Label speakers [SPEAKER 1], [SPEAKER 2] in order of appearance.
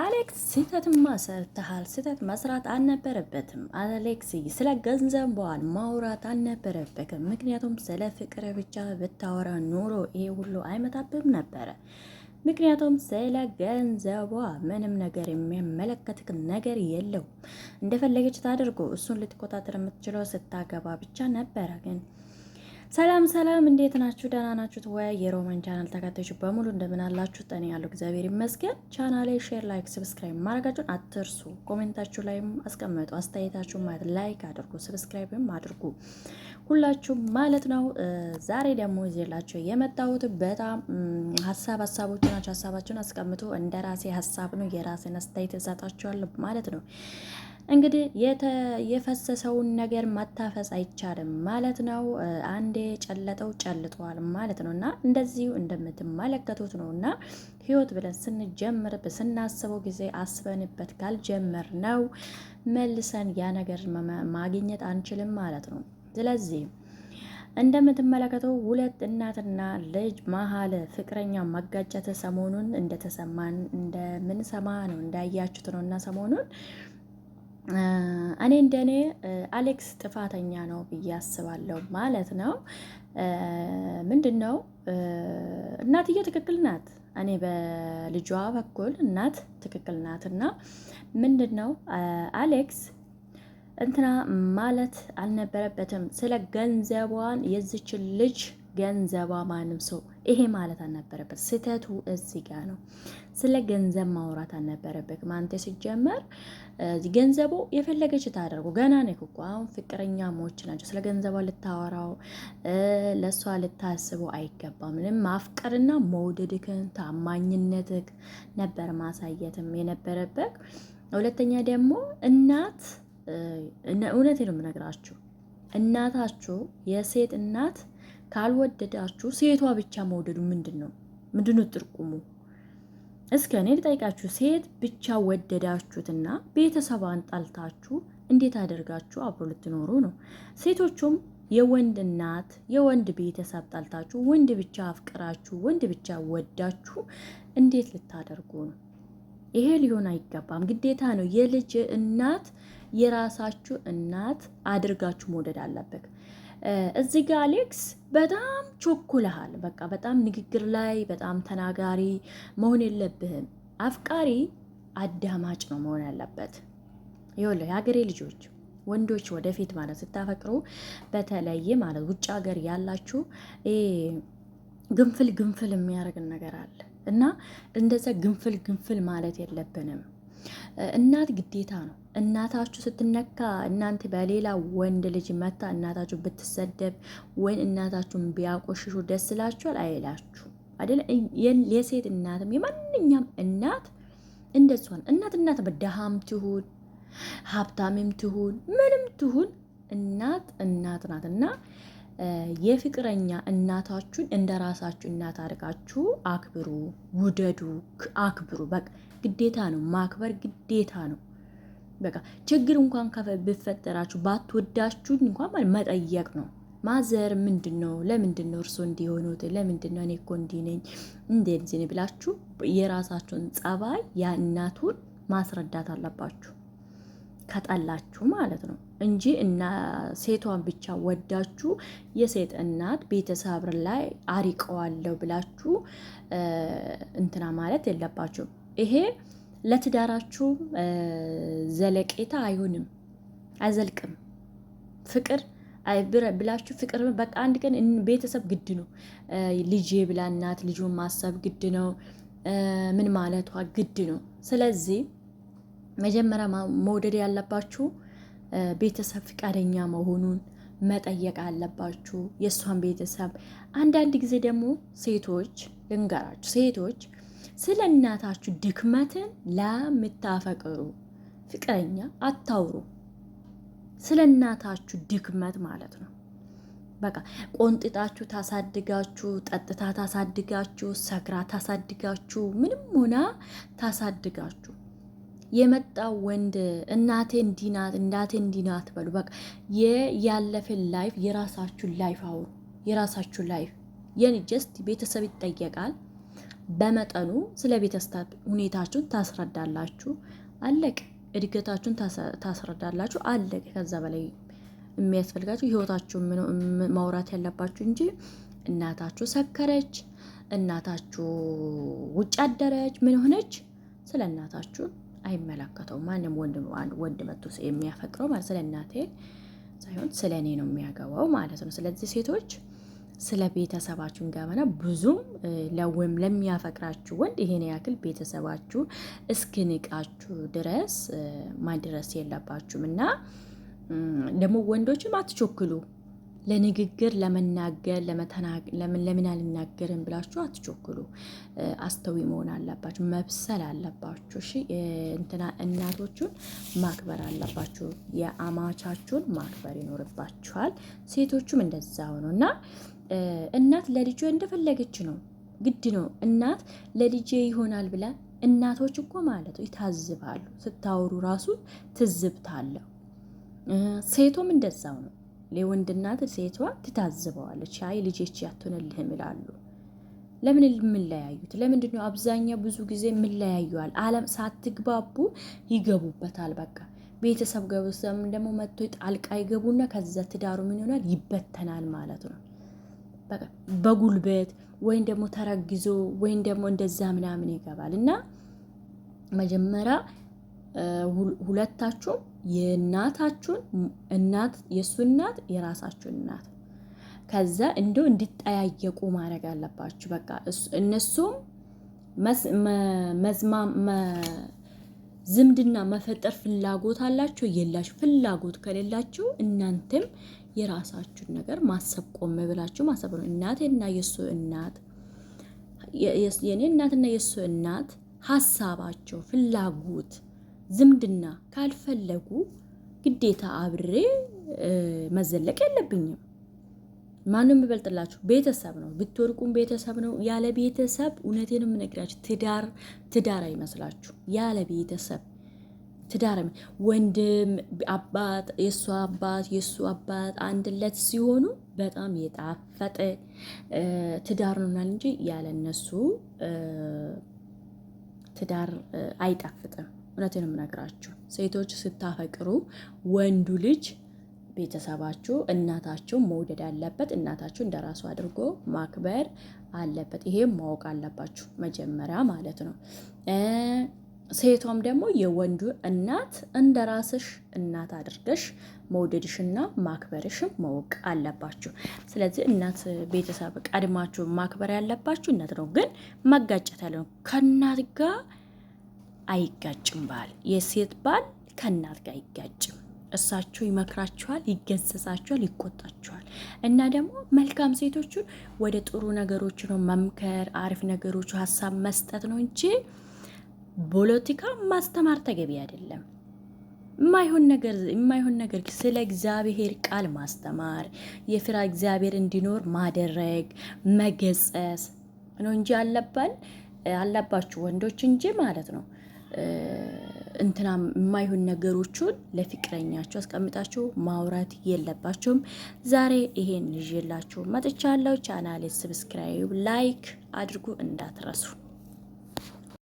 [SPEAKER 1] አሌክስ ስህተትማ ሰርተሃል። ስህተት መስራት አልነበረበትም። አሌክስ ስለ ገንዘብ በዋል ማውራት አልነበረበትም። ምክንያቱም ስለ ፍቅር ብቻ ብታወራ ኑሮ ይሄ ሁሉ አይመጣብም ነበረ። ምክንያቱም ስለ ገንዘቧ ምንም ነገር የሚያመለከትክ ነገር የለው። እንደፈለገች ታደርጎ እሱን ልትቆጣጠር የምትችለው ስታገባ ብቻ ነበረ ግን ሰላም ሰላም፣ እንዴት ናችሁ? ደህና ናችሁት ወይ? የሮማን ቻናል ተከታዮች በሙሉ እንደምን አላችሁ? ጠኔ ያለው እግዚአብሔር ይመስገን። ቻናሌ ሼር፣ ላይክ፣ ሰብስክራይብ ማድረጋችሁን አትርሱ። ኮሜንታችሁ ላይም አስቀምጡ፣ አስተያየታችሁ ማለት ላይክ አድርጉ፣ ሰብስክራይብም አድርጉ ሁላችሁም ማለት ነው። ዛሬ ደግሞ ይዤላችሁ የመጣሁት በጣም ሀሳብ ሀሳቦች ናቸው። ሀሳባችሁን አስቀምጡ። እንደ ራሴ ሀሳብ ነው፣ የራሴን አስተያየት እሰጣችኋለሁ ማለት ነው። እንግዲህ የፈሰሰውን ነገር መታፈስ አይቻልም ማለት ነው። አንዴ ጨለጠው ጨልጠዋል ማለት ነው እና እንደዚሁ እንደምትመለከቱት ነው እና ህይወት ብለን ስንጀምር ስናስበው ጊዜ አስበንበት ካልጀመር ነው መልሰን ያ ነገር ማግኘት አንችልም ማለት ነው። ስለዚህ እንደምትመለከተው ሁለት እናትና ልጅ መሀል ፍቅረኛ መጋጨት ሰሞኑን እንደተሰማን እንደምንሰማ ነው እንዳያችሁት ነው እና ሰሞኑን እኔ እንደኔ አሌክስ ጥፋተኛ ነው ብዬ አስባለሁ ማለት ነው። ምንድን ነው እናትዬ ትክክል ናት። እኔ በልጇ በኩል እናት ትክክል ናት። እና ምንድን ነው አሌክስ እንትና ማለት አልነበረበትም። ስለ ገንዘቧን የዝችን ልጅ ገንዘቧ ማንም ሰው ይሄ ማለት አልነበረበት። ስህተቱ እዚህ ጋር ነው። ስለ ገንዘብ ማውራት አልነበረበት። ማንተ ሲጀመር ገንዘቡ የፈለገች ታደርጉ ገና ነው እኮ አሁን ፍቅረኛሞች ናቸው። ስለ ገንዘቧ ልታወራው ለእሷ ልታስቡ አይገባም። ምንም ማፍቀርና መውደድክን ታማኝነትክ ነበር ማሳየትም የነበረበት። ሁለተኛ ደግሞ እናት እውነት ነው የምነግራችሁ እናታችሁ የሴት እናት ካልወደዳችሁ ሴቷ ብቻ መውደዱ ምንድን ነው? ምንድን ነው እስከ እኔ ልጠይቃችሁ። ሴት ብቻ ወደዳችሁትና ቤተሰቧን ጣልታችሁ እንዴት አደርጋችሁ አብሮ ልትኖሩ ነው? ሴቶቹም የወንድ እናት የወንድ ቤተሰብ ጣልታችሁ ወንድ ብቻ አፍቅራችሁ ወንድ ብቻ ወዳችሁ እንዴት ልታደርጉ ነው? ይሄ ሊሆን አይገባም። ግዴታ ነው። የልጅ እናት የራሳችሁ እናት አድርጋችሁ መውደድ አለበት። እዚህ ጋ አሌክስ በጣም ቾኩልሃል። በቃ በጣም ንግግር ላይ በጣም ተናጋሪ መሆን የለብህም። አፍቃሪ አዳማጭ ነው መሆን ያለበት። ይኸውልህ የሀገሬ ልጆች ወንዶች ወደፊት ማለት ስታፈቅሩ በተለይ ማለት ውጭ ሀገር ያላችሁ ግንፍል ግንፍል የሚያደርግን ነገር አለ እና እንደዛ ግንፍል ግንፍል ማለት የለብንም። እናት ግዴታ ነው። እናታችሁ ስትነካ እናንተ በሌላ ወንድ ልጅ መታ እናታችሁ ብትሰደብ ወይ እናታችሁን ቢያቆሽሹ ደስ ላችኋል አይላችሁ አይደል? የሴት እናትም የማንኛም እናት እንደሷን እናት እናት በደሃም ትሁን ሀብታምም ትሁን ምንም ትሁን እናት እናት ናት እና የፍቅረኛ እናታችሁን እንደ ራሳችሁ እናት አድርጋችሁ አክብሩ፣ ውደዱ፣ አክብሩ በቃ ግዴታ ነው፣ ማክበር ግዴታ ነው። በቃ ችግር እንኳን ከፈ ብፈጠራችሁ ባትወዳችሁ እንኳን መጠየቅ ነው። ማዘር ምንድን ነው? ለምንድን ነው እርሶ እንዲሆኑት? ለምንድን ነው እኔ እኮ እንዲህ ነኝ እንደዚህ ብላችሁ የራሳችሁን ጸባይ የእናቱን ማስረዳት አለባችሁ፣ ከጠላችሁ ማለት ነው እንጂ እና ሴቷን ብቻ ወዳችሁ የሴት እናት ቤተሰብ ላይ አሪቀዋለሁ ብላችሁ እንትና ማለት የለባችሁም። ይሄ ለትዳራችሁም ዘለቄታ አይሆንም፣ አይዘልቅም። ፍቅር ብላችሁ ፍቅር በቃ አንድ ቀን ቤተሰብ ግድ ነው። ልጄ ብላ እናት ልጁን ማሰብ ግድ ነው። ምን ማለቷ ግድ ነው። ስለዚህ መጀመሪያ መውደድ ያለባችሁ ቤተሰብ ፍቃደኛ መሆኑን መጠየቅ አለባችሁ፣ የእሷን ቤተሰብ። አንዳንድ ጊዜ ደግሞ ሴቶች ልንገራችሁ፣ ሴቶች ስለ እናታችሁ ድክመትን ለምታፈቅሩ ፍቅረኛ አታውሩ። ስለ እናታችሁ ድክመት ማለት ነው። በቃ ቆንጥጣችሁ ታሳድጋችሁ፣ ጠጥታ ታሳድጋችሁ፣ ሰክራ ታሳድጋችሁ፣ ምንም ሆና ታሳድጋችሁ የመጣ ወንድ እናቴ እንዲናት እናቴ እንዲናት በሉ። በቃ ያለፈን ላይፍ የራሳችሁን ላይፍ አውሩ። የራሳችሁን ላይፍ የን ጀስት ቤተሰብ ይጠየቃል። በመጠኑ ስለ ቤተሰብ ሁኔታችሁን ታስረዳላችሁ። አለቅ እድገታችሁን ታስረዳላችሁ። አለቅ ከዛ በላይ የሚያስፈልጋችሁ ህይወታችሁን ማውራት ያለባችሁ እንጂ እናታችሁ ሰከረች፣ እናታችሁ ውጭ አደረች፣ ምን ሆነች፣ ስለ እናታችሁ አይመለከተውም። ማንም ወንድ መቶ የሚያፈቅረው ማለት ስለ እናቴ ሳይሆን ስለ እኔ ነው የሚያገባው ማለት ነው። ስለዚህ ሴቶች ስለ ቤተሰባችሁን ገበና ብዙም ለወይም ለሚያፈቅራችሁ ወንድ ይሄን ያክል ቤተሰባችሁ እስክንቃችሁ ድረስ ማድረስ የለባችሁም እና ደግሞ ወንዶችም አትቾክሉ። ለንግግር ለመናገር ለምን አልናገርም ብላችሁ አትቾክሉ። አስተዊ መሆን አለባችሁ፣ መብሰል አለባችሁ። እሺ እንትና እናቶቹን ማክበር አለባችሁ፣ የአማቻችሁን ማክበር ይኖርባችኋል። ሴቶቹም እንደዛ ሆኖ እና እናት ለልጇ እንደፈለገች ነው፣ ግድ ነው። እናት ለልጄ ይሆናል ብላ እናቶች እኮ ማለት ይታዝባሉ። ስታወሩ ራሱ ትዝብታለሁ። ሴቶም እንደዛው ነው። ለወንድ እናት ሴቷ ትታዝበዋለች። አይ ልጄች ያትሆንልህም ይላሉ። ለምን የምንለያዩት? ለምንድን ነው አብዛኛው ብዙ ጊዜ የምንለያዩዋል? አለም ሳትግባቡ ይገቡበታል። በቃ ቤተሰብ ገብሰም ደግሞ መጥቶ ጣልቃ ይገቡና ከዛ ትዳሩ ምን ይሆናል? ይበተናል ማለት ነው። በጉልበት ወይም ደግሞ ተረግዞ ወይም ደግሞ እንደዛ ምናምን ይገባል እና መጀመሪያ ሁለታችሁም የእናታችሁን እናት የእሱ እናት የራሳችሁን እናት ከዛ እንደው እንዲጠያየቁ ማድረግ አለባችሁ። በቃ እነሱም ዝምድና መፈጠር ፍላጎት አላችሁ የላችሁ? ፍላጎት ከሌላችሁ እናንተም የራሳችሁን ነገር ማሰብ ቆም ብላችሁ ማሰብ ነው። እናቴና የእሱ እናት የእኔ እናትና የእሱ እናት ሀሳባቸው ፍላጎት ዝምድና ካልፈለጉ ግዴታ አብሬ መዘለቅ የለብኝም። ማንም ይበልጥላችሁ ቤተሰብ ነው። ብትወርቁም ቤተሰብ ነው። ያለ ቤተሰብ እውነቴን የምነግራችሁ ትዳር ትዳር አይመስላችሁ። ያለ ቤተሰብ ትዳር ወንድም፣ አባት፣ የእሱ አባት፣ የእሱ አባት አንድለት ሲሆኑ በጣም የጣፈጠ ትዳር ነው ናል እንጂ ያለ እነሱ ትዳር አይጣፍጥም። እውነቴን የምነግራችሁ ሴቶች ስታፈቅሩ ወንዱ ልጅ ቤተሰባችሁ እናታችሁ መውደድ አለበት። እናታችሁ እንደ ራሱ አድርጎ ማክበር አለበት። ይሄም ማወቅ አለባችሁ መጀመሪያ ማለት ነው። ሴቷም ደግሞ የወንዱ እናት እንደ ራስሽ እናት አድርገሽ መውደድሽና ማክበርሽም ማወቅ አለባችሁ። ስለዚህ እናት ቤተሰብ ቀድማችሁ ማክበር ያለባችሁ እናት ነው። ግን መጋጨት ያለ ነው። ከእናት ጋር አይጋጭም ባል። የሴት ባል ከእናት ጋር አይጋጭም። እሳቸው ይመክራችኋል፣ ይገሰጻችኋል፣ ይቆጣችኋል። እና ደግሞ መልካም ሴቶችን ወደ ጥሩ ነገሮች ነው መምከር፣ አሪፍ ነገሮቹ ሀሳብ መስጠት ነው እንጂ ፖለቲካ ማስተማር ተገቢ አይደለም። የማይሆን ነገር የማይሆን ነገር ስለ እግዚአብሔር ቃል ማስተማር የፍራ እግዚአብሔር እንዲኖር ማደረግ መገጸስ ነው እንጂ አለባል አለባችሁ ወንዶች እንጂ ማለት ነው። እንትና የማይሆን ነገሮቹን ለፍቅረኛቸው አስቀምጣችሁ ማውራት የለባችሁም። ዛሬ ይሄን ይዤላችሁ መጥቻለሁ። ቻናሌ ሰብስክራይብ፣ ላይክ አድርጉ እንዳትረሱ።